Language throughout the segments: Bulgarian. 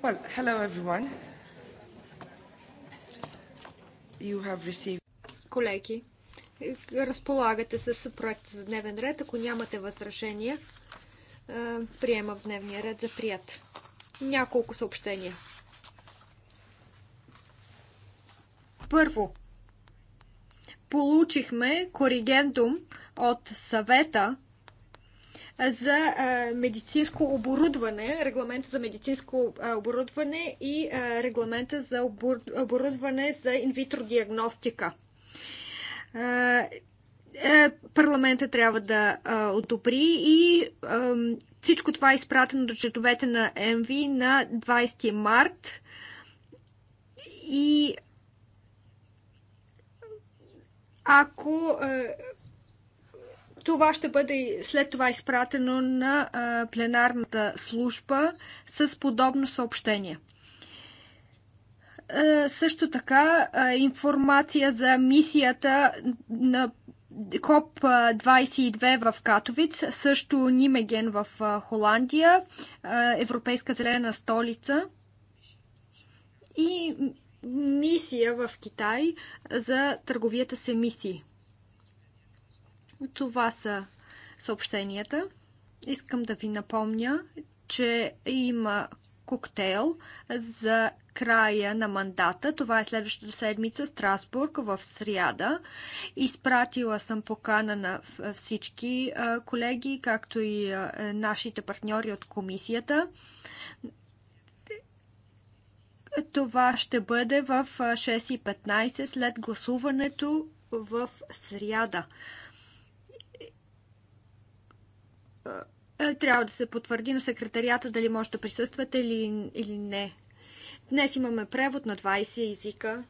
Well, hello everyone. You have received... Колеги, разполагате с проект за дневен ред. Ако нямате възражения, е, приемам дневния ред за прият. Няколко съобщения. Първо, получихме коригендум от съвета за медицинско оборудване, регламента за медицинско оборудване и регламента за оборудване за инвитро диагностика. Е, парламента трябва да одобри и всичко това е изпратено до четовете на МВ на 20 март и ако това ще бъде след това изпратено на пленарната служба с подобно съобщение също така информация за мисията на КОП-22 в Катовиц, също Нимеген в Холандия, Европейска зелена столица и мисия в Китай за търговията с емисии. Това са съобщенията. Искам да ви напомня, че има коктейл за края на мандата. Това е следващата седмица Страсбург в сряда. Изпратила съм покана на всички колеги, както и нашите партньори от комисията. Това ще бъде в 6.15 след гласуването в сряда. Е, трябва да се потвърди на секретарията дали може да присъствате или, или не. Днес имаме превод на 20 езика.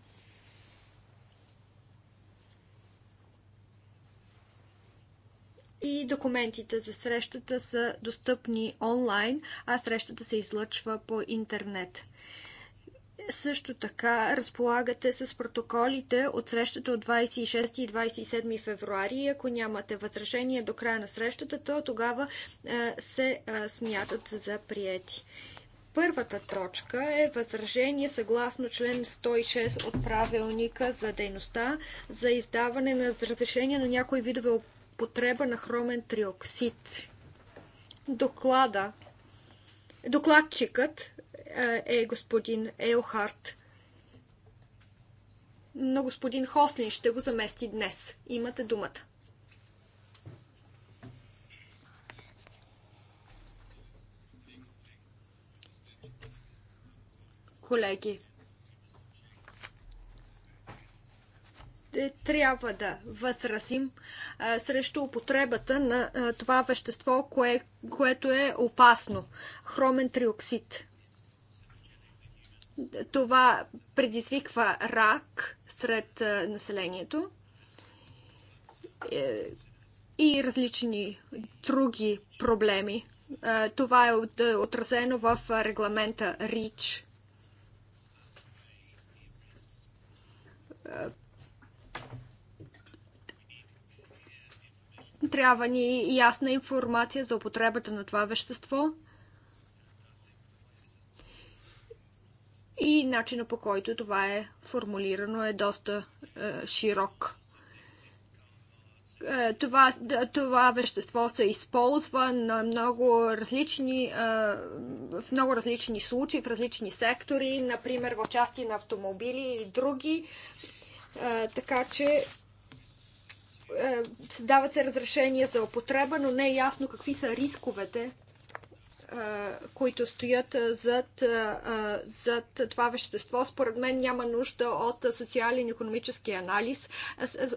И документите за срещата са достъпни онлайн, а срещата се излъчва по интернет също така разполагате с протоколите от срещата от 26 и 27 февруари. Ако нямате възражение до края на срещата, то тогава е, се е, смятат за приети. Първата точка е възражение съгласно член 106 от правилника за дейността за издаване на разрешение на някои видове употреба на хромен триоксид. Доклада Докладчикът е господин Елхарт. Но господин Хослин ще го замести днес. Имате думата. Колеги, е, трябва да възразим а, срещу употребата на а, това вещество, кое, което е опасно хромен триоксид. Това предизвиква рак сред населението е, и различни други проблеми. Това е отразено в регламента РИЧ. Трябва ни ясна информация за употребата на това вещество – и начина по който това е формулирано е доста е, широк. Е, това, това вещество се използва на много различни, е, в много различни случаи, в различни сектори, например в части на автомобили или други. Е, така че е, дават се разрешения за употреба, но не е ясно какви са рисковете които стоят зад, зад това вещество. Според мен няма нужда от социален и економически анализ.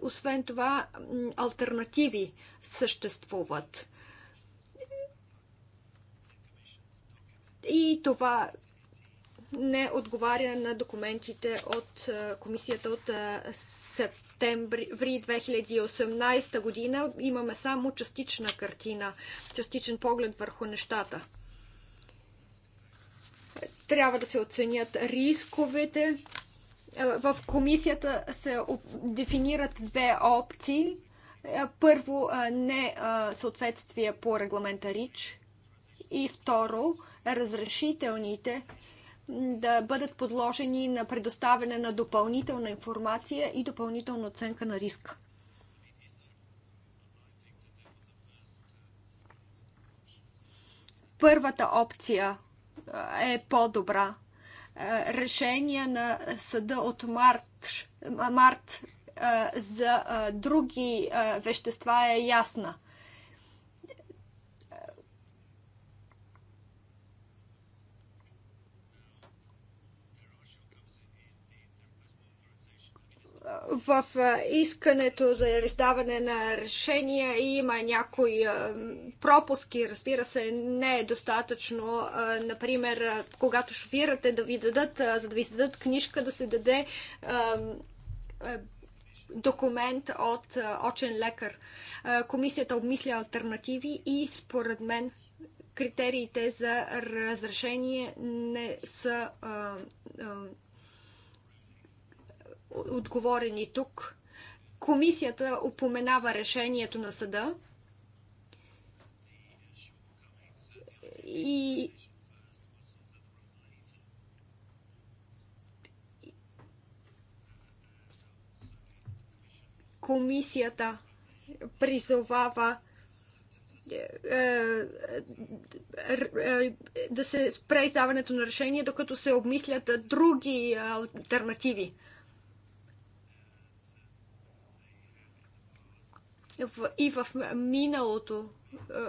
Освен това, альтернативи съществуват. И това не отговаря на документите от комисията от септември 2018 година. Имаме само частична картина, частичен поглед върху нещата. Трябва да се оценят рисковете. Е, в комисията се дефинират две опции. Е, първо, е, не съответствие по регламента РИЧ и второ, разрешителните да бъдат подложени на предоставяне на допълнителна информация и допълнителна оценка на риска. Първата опция е по-добра. Е, Решение на съда от март, март е, за е, други вещества е ясна. в искането за издаване на решения има някои пропуски. Разбира се, не е достатъчно, например, когато шофирате да ви дадат, за да ви дадат книжка, да се даде документ от очен лекар. Комисията обмисля альтернативи и според мен критериите за разрешение не са отговорени тук. Комисията упоменава решението на съда и комисията призовава е, е, е, да се спре издаването на решение, докато се обмислят други альтернативи. и в миналото е,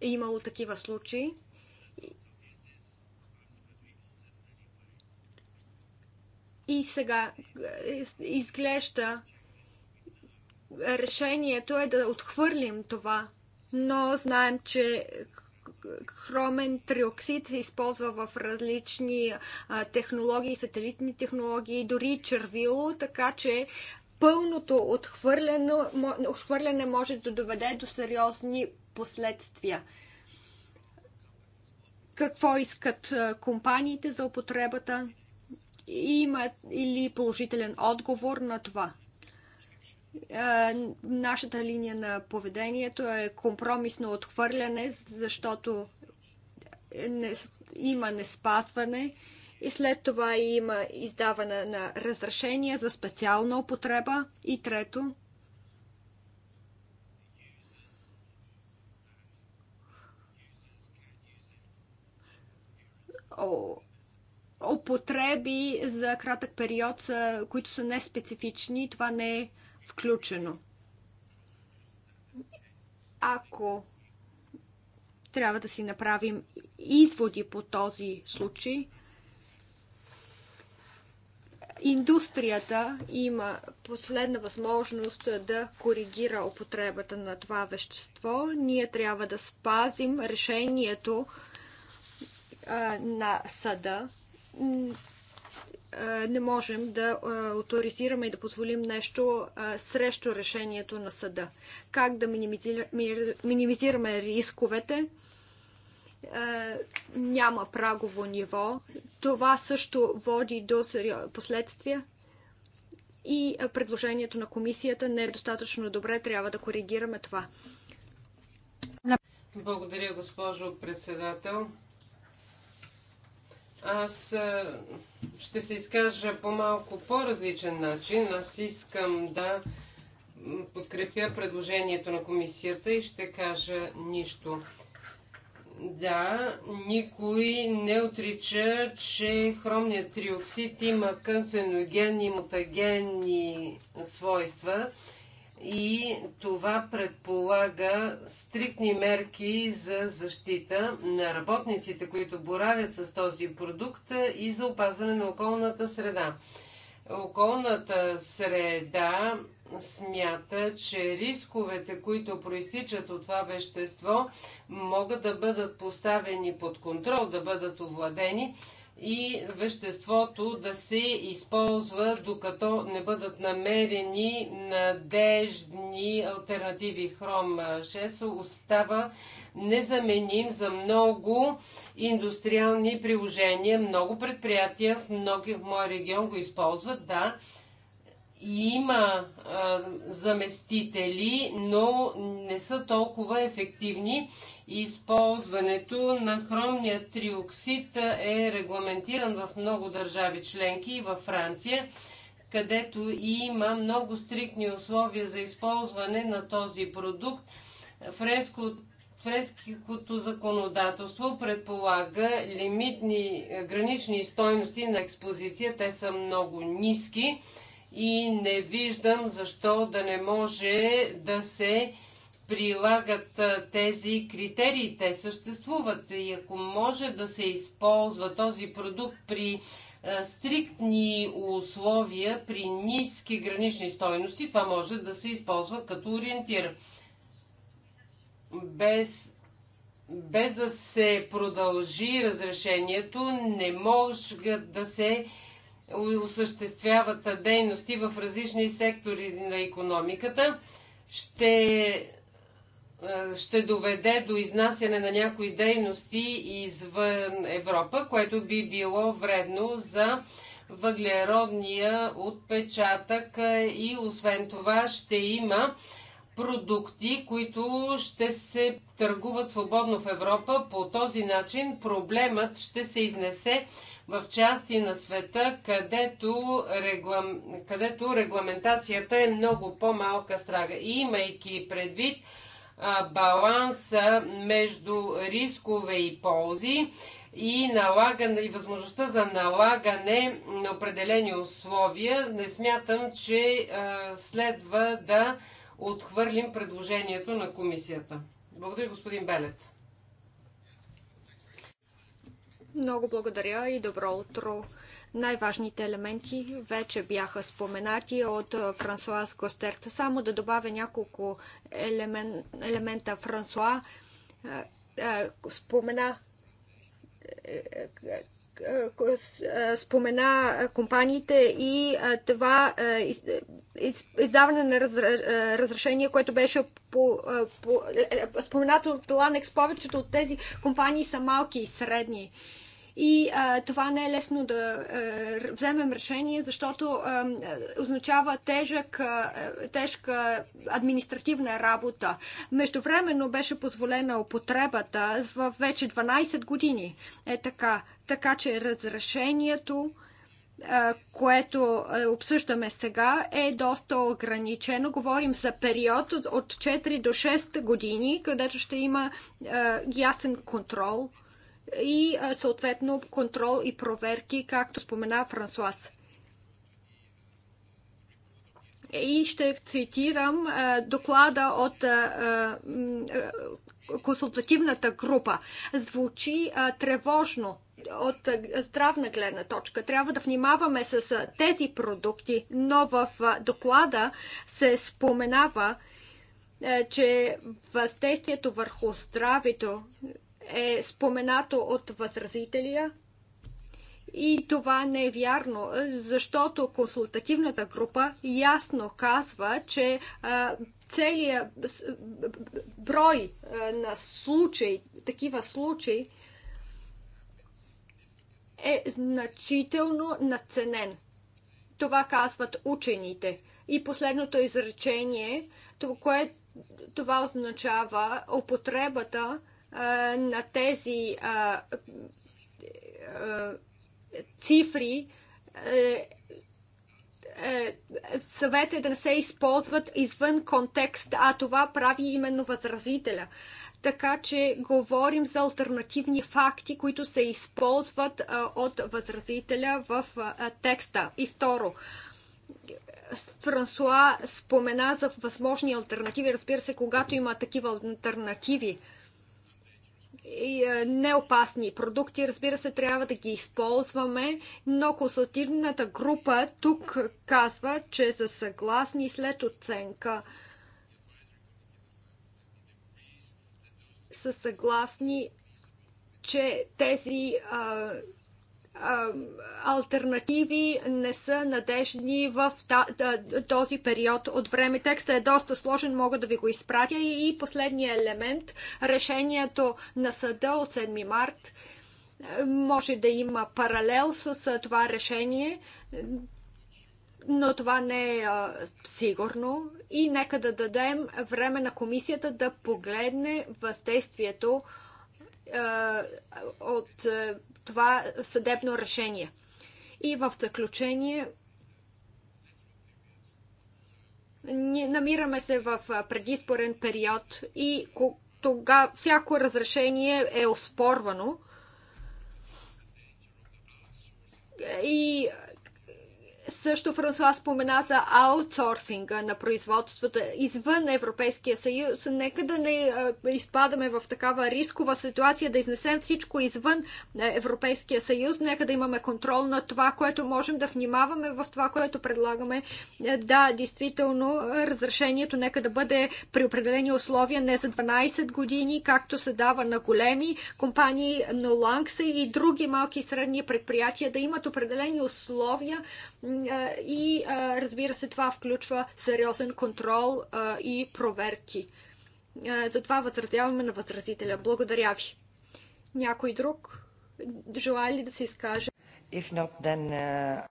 е имало такива случаи. И сега е, изглежда решението е да отхвърлим това, но знаем, че хромен триоксид се използва в различни технологии, сателитни технологии, дори червило, така че пълното отхвърляне, отхвърляне може да доведе до сериозни последствия. Какво искат компаниите за употребата? Има или положителен отговор на това? Нашата линия на поведението е компромисно отхвърляне, защото има неспазване. спазване и след това има издаване на разрешение за специална употреба и трето употреби за кратък период, които са неспецифични, това не е включено. Ако трябва да си направим изводи по този случай, индустрията има последна възможност да коригира употребата на това вещество. Ние трябва да спазим решението на съда. Не можем да авторизираме и да позволим нещо срещу решението на съда. Как да минимизираме рисковете? Е, няма прагово ниво. Това също води до последствия и е, предложението на комисията не е достатъчно добре. Трябва да коригираме това. Благодаря, госпожо председател. Аз е, ще се изкажа по малко по-различен начин. Аз искам да подкрепя предложението на комисията и ще кажа нищо. Да, никой не отрича, че хромният триоксид има канценоген и мутагенни свойства и това предполага стриктни мерки за защита на работниците, които боравят с този продукт и за опазване на околната среда. Околната среда смята, че рисковете, които проистичат от това вещество, могат да бъдат поставени под контрол, да бъдат овладени и веществото да се използва, докато не бъдат намерени надеждни альтернативи. Хром 6 остава незаменим за много индустриални приложения. Много предприятия в, много, в моя регион го използват, да, има а, заместители, но не са толкова ефективни. Използването на хромния триоксид е регламентиран в много държави членки и във Франция, където има много стриктни условия за използване на този продукт. Френско, френското законодателство предполага лимитни гранични стойности на експозиция. Те са много ниски и не виждам защо да не може да се прилагат тези критерии. Те съществуват и ако може да се използва този продукт при стриктни условия, при ниски гранични стойности, това може да се използва като ориентир. Без, без да се продължи разрешението, не може да се осъществяват дейности в различни сектори на економиката, ще, е, ще доведе до изнасяне на някои дейности извън Европа, което би било вредно за въглеродния отпечатък е, и освен това ще има продукти, които ще се търгуват свободно в Европа. По този начин проблемът ще се изнесе в части на света, където, реглам... където регламентацията е много по-малка страга. И имайки предвид а, баланса между рискове и ползи и, налагане, и възможността за налагане на определени условия, не смятам, че а, следва да отхвърлим предложението на комисията. Благодаря, господин Белет. Много благодаря и добро утро. Най-важните елементи вече бяха споменати от Франсуаз Гостерт. Само да добавя няколко елемен, елемента. Франсуа е, е, спомена спомена компаниите и това издаване на разрешение, което беше е, е, споменато от Ланекс, повечето от тези компании са малки и средни. И а, това не е лесно да а, вземем решение, защото а, означава тежък, а, тежка административна работа. Междувременно беше позволена употребата в вече 12 години. Е така. Така че разрешението което обсъждаме сега, е доста ограничено. Говорим за период от 4 до 6 години, където ще има ясен контрол и съответно контрол и проверки, както спомена Франсуас. И ще цитирам доклада от консултативната група. Звучи тревожно от здравна гледна точка. Трябва да внимаваме с тези продукти, но в доклада се споменава, че въздействието върху здравето е споменато от възразителя. И това не е вярно, защото консултативната група ясно казва, че целият брой на случаи, такива случаи, е значително наценен. Това казват учените. И последното изречение, това означава употребата на тези цифри е, е, съвет е да не се използват извън контекст, а това прави именно възразителя. Така че говорим за альтернативни факти, които се използват от възразителя в текста. И второ, Франсуа спомена за възможни альтернативи. Разбира се, когато има такива альтернативи, е, неопасни продукти. Разбира се, трябва да ги използваме, но консултативната група тук казва, че са съгласни след оценка. Са съгласни, че тези а, альтернативи не са надежни в този период от време. Текстът е доста сложен, мога да ви го изпратя. И последния елемент, решението на съда от 7 март, може да има паралел с това решение, но това не е сигурно. И нека да дадем време на комисията да погледне въздействието от това съдебно решение. И в заключение, намираме се в предиспорен период и тога всяко разрешение е оспорвано. И също Франсуа спомена за аутсорсинга на производството извън Европейския съюз. Нека да не изпадаме в такава рискова ситуация, да изнесем всичко извън Европейския съюз. Нека да имаме контрол на това, което можем да внимаваме в това, което предлагаме. Да, действително, разрешението нека да бъде при определени условия, не за 12 години, както се дава на големи компании, но Ланкса и други малки и средни предприятия да имат определени условия, и разбира се това включва сериозен контрол и проверки. Затова възразяваме на възразителя. Благодаря ви. Някой друг желая ли да се изкаже? If not, then, uh...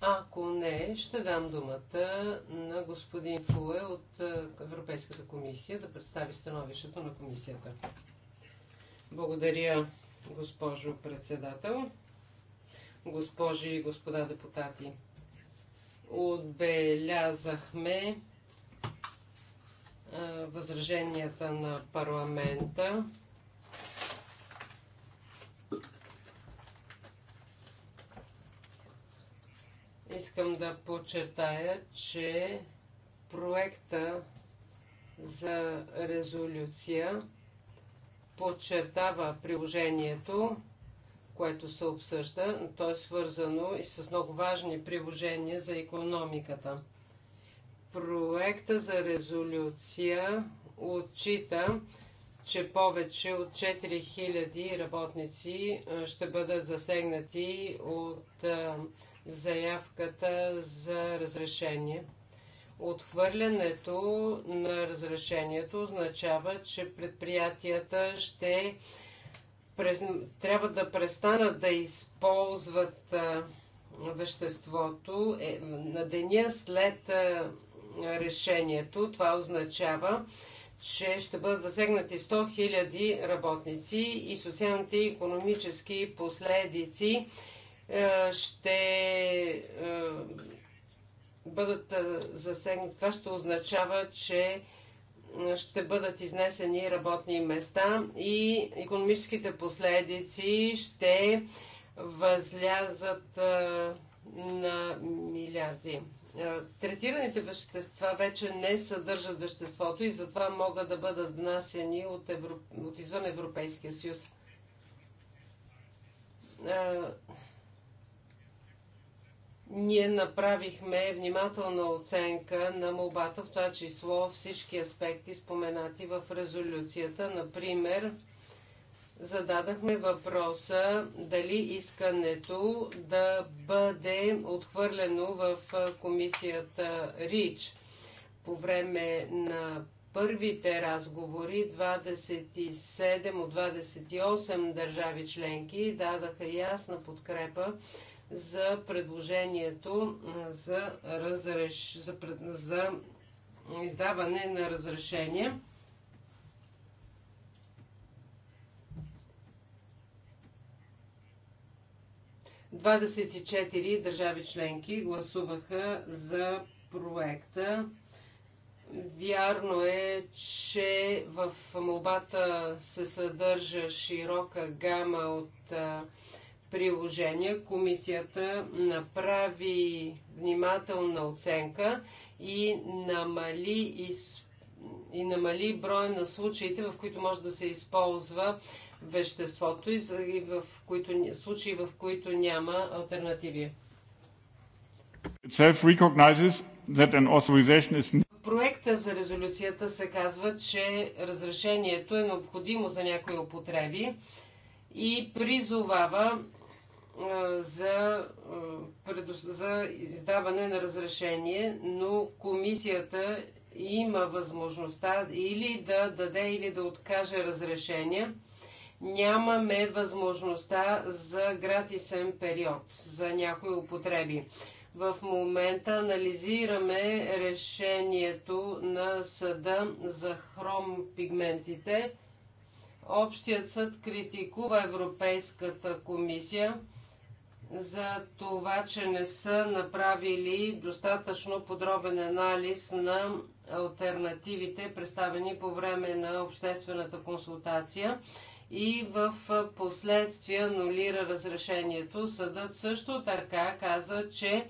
Ако не, ще дам думата на господин Фуе от Европейската комисия да представи становището на комисията. Благодаря, госпожо председател госпожи и господа депутати. Отбелязахме възраженията на парламента. Искам да подчертая, че проекта за резолюция подчертава приложението което се обсъжда. То е свързано и с много важни приложения за економиката. Проекта за резолюция отчита, че повече от 4000 работници ще бъдат засегнати от заявката за разрешение. Отхвърлянето на разрешението означава, че предприятията ще през, трябва да престанат да използват а, веществото е, на деня след а, решението. Това означава, че ще бъдат засегнати 100 000 работници и социалните и економически последици е, е, а, ще а, бъдат засегнати. Това ще означава, че ще бъдат изнесени работни места и економическите последици ще възлязат на милиарди. Третираните вещества вече не съдържат веществото и затова могат да бъдат внасяни от, Европ... от извън Европейския съюз. Ние направихме внимателна оценка на молбата, в това число всички аспекти споменати в резолюцията. Например, зададахме въпроса дали искането да бъде отхвърлено в комисията РИЧ. По време на първите разговори 27 от 28 държави членки дадаха ясна подкрепа за предложението за, разреш... за, за издаване на разрешение. Двадесет и четири държави членки гласуваха за проекта. Вярно е, че в молбата се съдържа широка гама от приложения. Комисията направи внимателна оценка и намали, и намали брой на случаите, в които може да се използва веществото и в които, случаи, в които няма альтернативи. Is... Проекта за резолюцията се казва, че разрешението е необходимо за някои употреби и призовава за, за издаване на разрешение, но комисията има възможността или да даде, или да откаже разрешение. Нямаме възможността за гратисен период за някои употреби. В момента анализираме решението на съда за хром пигментите. Общият съд критикува Европейската комисия за това, че не са направили достатъчно подробен анализ на альтернативите, представени по време на обществената консултация и в последствие анулира разрешението. Съдът също така каза, че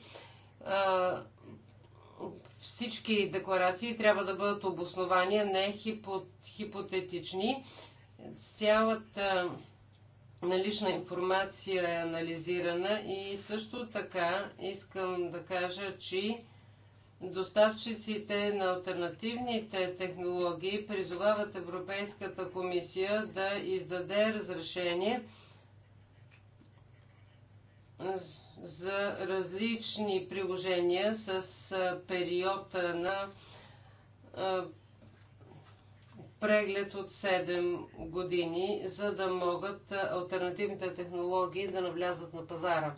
а, всички декларации трябва да бъдат обосновани, не хипот, хипотетични. Цялата налична информация е анализирана и също така искам да кажа, че доставчиците на альтернативните технологии призовават Европейската комисия да издаде разрешение за различни приложения с период на преглед от 7 години, за да могат альтернативните технологии да навлязат на пазара.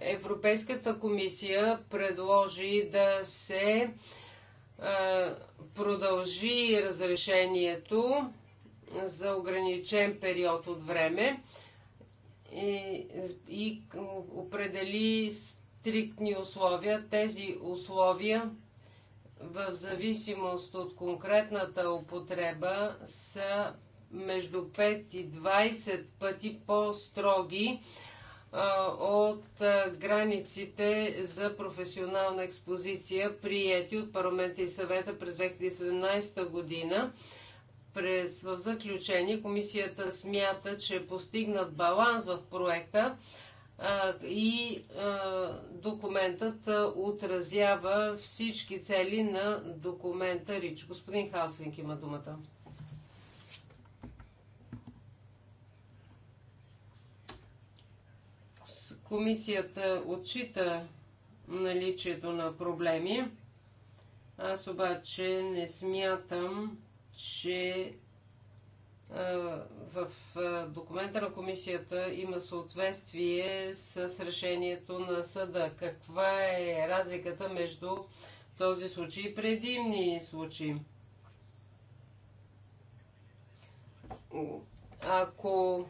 Европейската комисия предложи да се продължи разрешението за ограничен период от време и, и определи стриктни условия. Тези условия в зависимост от конкретната употреба, са между 5 и 20 пъти по-строги от границите за професионална експозиция, приети от парламента и съвета през 2017 година. През, в заключение, комисията смята, че е постигнат баланс в проекта, и документът отразява всички цели на документа РИЧ. Господин Хауслинг има думата. Комисията отчита наличието на проблеми. Аз обаче не смятам, че е, в е, документа на комисията има съответствие с решението на съда. Каква е разликата между този случай и предимни случаи? Ако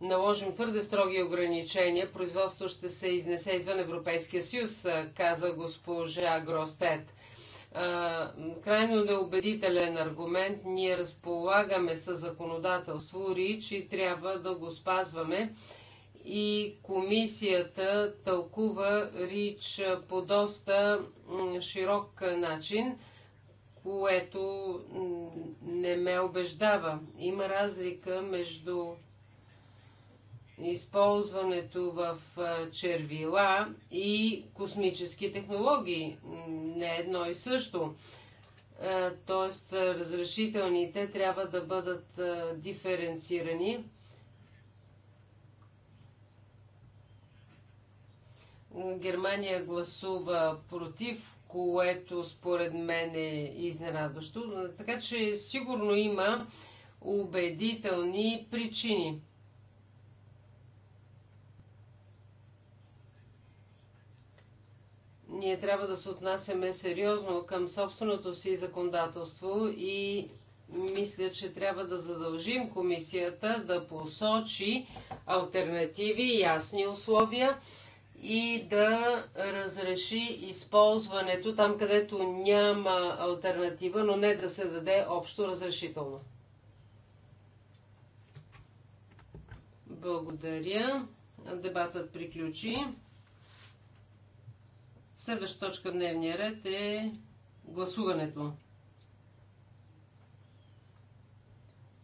наложим твърде строги ограничения, производството ще се изнесе извън Европейския съюз, е, каза госпожа Гростет крайно неубедителен аргумент. Ние разполагаме с законодателство РИЧ и трябва да го спазваме. И комисията тълкува РИЧ по доста широк начин, което не ме убеждава. Има разлика между използването в червила и космически технологии. Не едно и също. Тоест, разрешителните трябва да бъдат диференцирани. Германия гласува против, което според мен е изненадващо. Така че сигурно има убедителни причини. Ние трябва да се отнасяме сериозно към собственото си законодателство и мисля, че трябва да задължим комисията да посочи альтернативи, ясни условия и да разреши използването там, където няма альтернатива, но не да се даде общо разрешително. Благодаря. Дебатът приключи. Следваща точка в дневния ред е гласуването.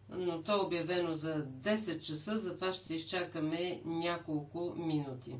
Но то е обявено за 10 часа, затова ще изчакаме няколко минути.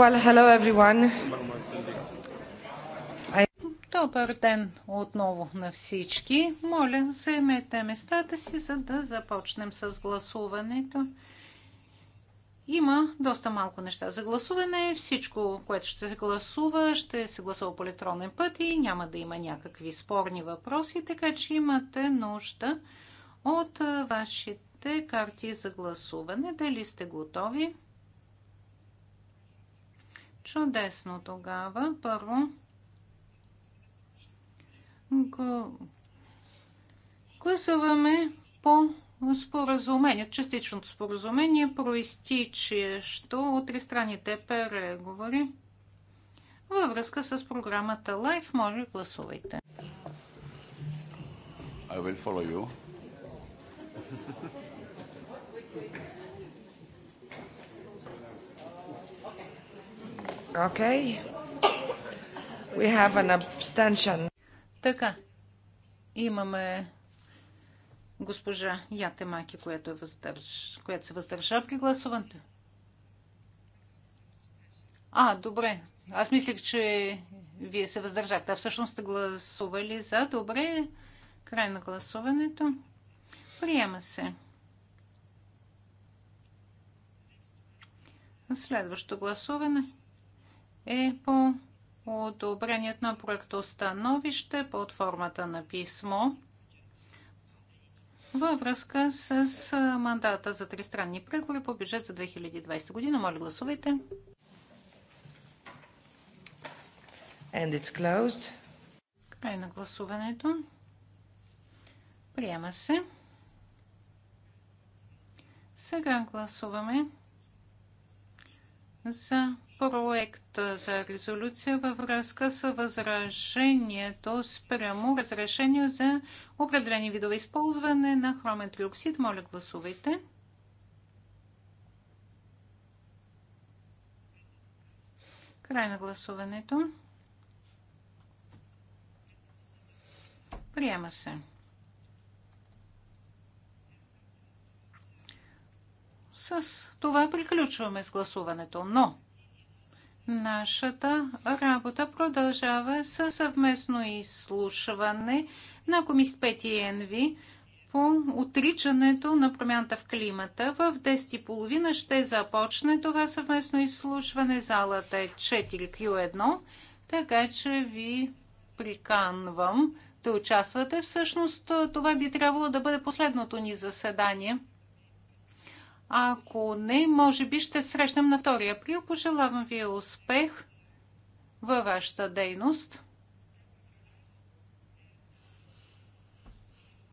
Well, hello everyone. I... Добър ден отново на всички. Моля, заемете местата си, за да започнем с гласуването. Има доста малко неща за гласуване. Всичко, което ще се гласува, ще се гласува по електронен път и няма да има някакви спорни въпроси, така че имате нужда от вашите карти за гласуване. Дали сте готови? Чудесно тогава. Първо, го... гласуваме по споразумение, частичното споразумение, проистичащо от тристранните преговори във връзка с програмата Лайф. Може, гласувайте. I will follow you. Okay. We have an abstention. Така. Имаме госпожа Ятемаки, която, е въздърж... която се въздържа при гласуването. А, добре. Аз мислех, че вие се въздържахте. А всъщност сте гласували за. Добре. Край на гласуването. Приема се. Следващо гласуване е по одобреният на проектостановище под формата на писмо във връзка с мандата за тристранни преговори по бюджет за 2020 година. Моля, гласувайте. And it's closed. Край на гласуването. Приема се. Сега гласуваме за проект за резолюция във връзка с възражението спрямо разрешение за определени видове използване на хромен триоксид. Моля, гласувайте. Край на гласуването. Приема се. С това приключваме с гласуването, но Нашата работа продължава със съвместно изслушване на Комисия 5 и ЕНВИ по отричането на промяната в климата. В 10.30 ще започне това съвместно изслушване. Залата е 4Q1, така че ви приканвам да участвате. Всъщност това би трябвало да бъде последното ни заседание – ако не, може би ще срещнем на 2 април. Пожелавам ви успех във вашата дейност.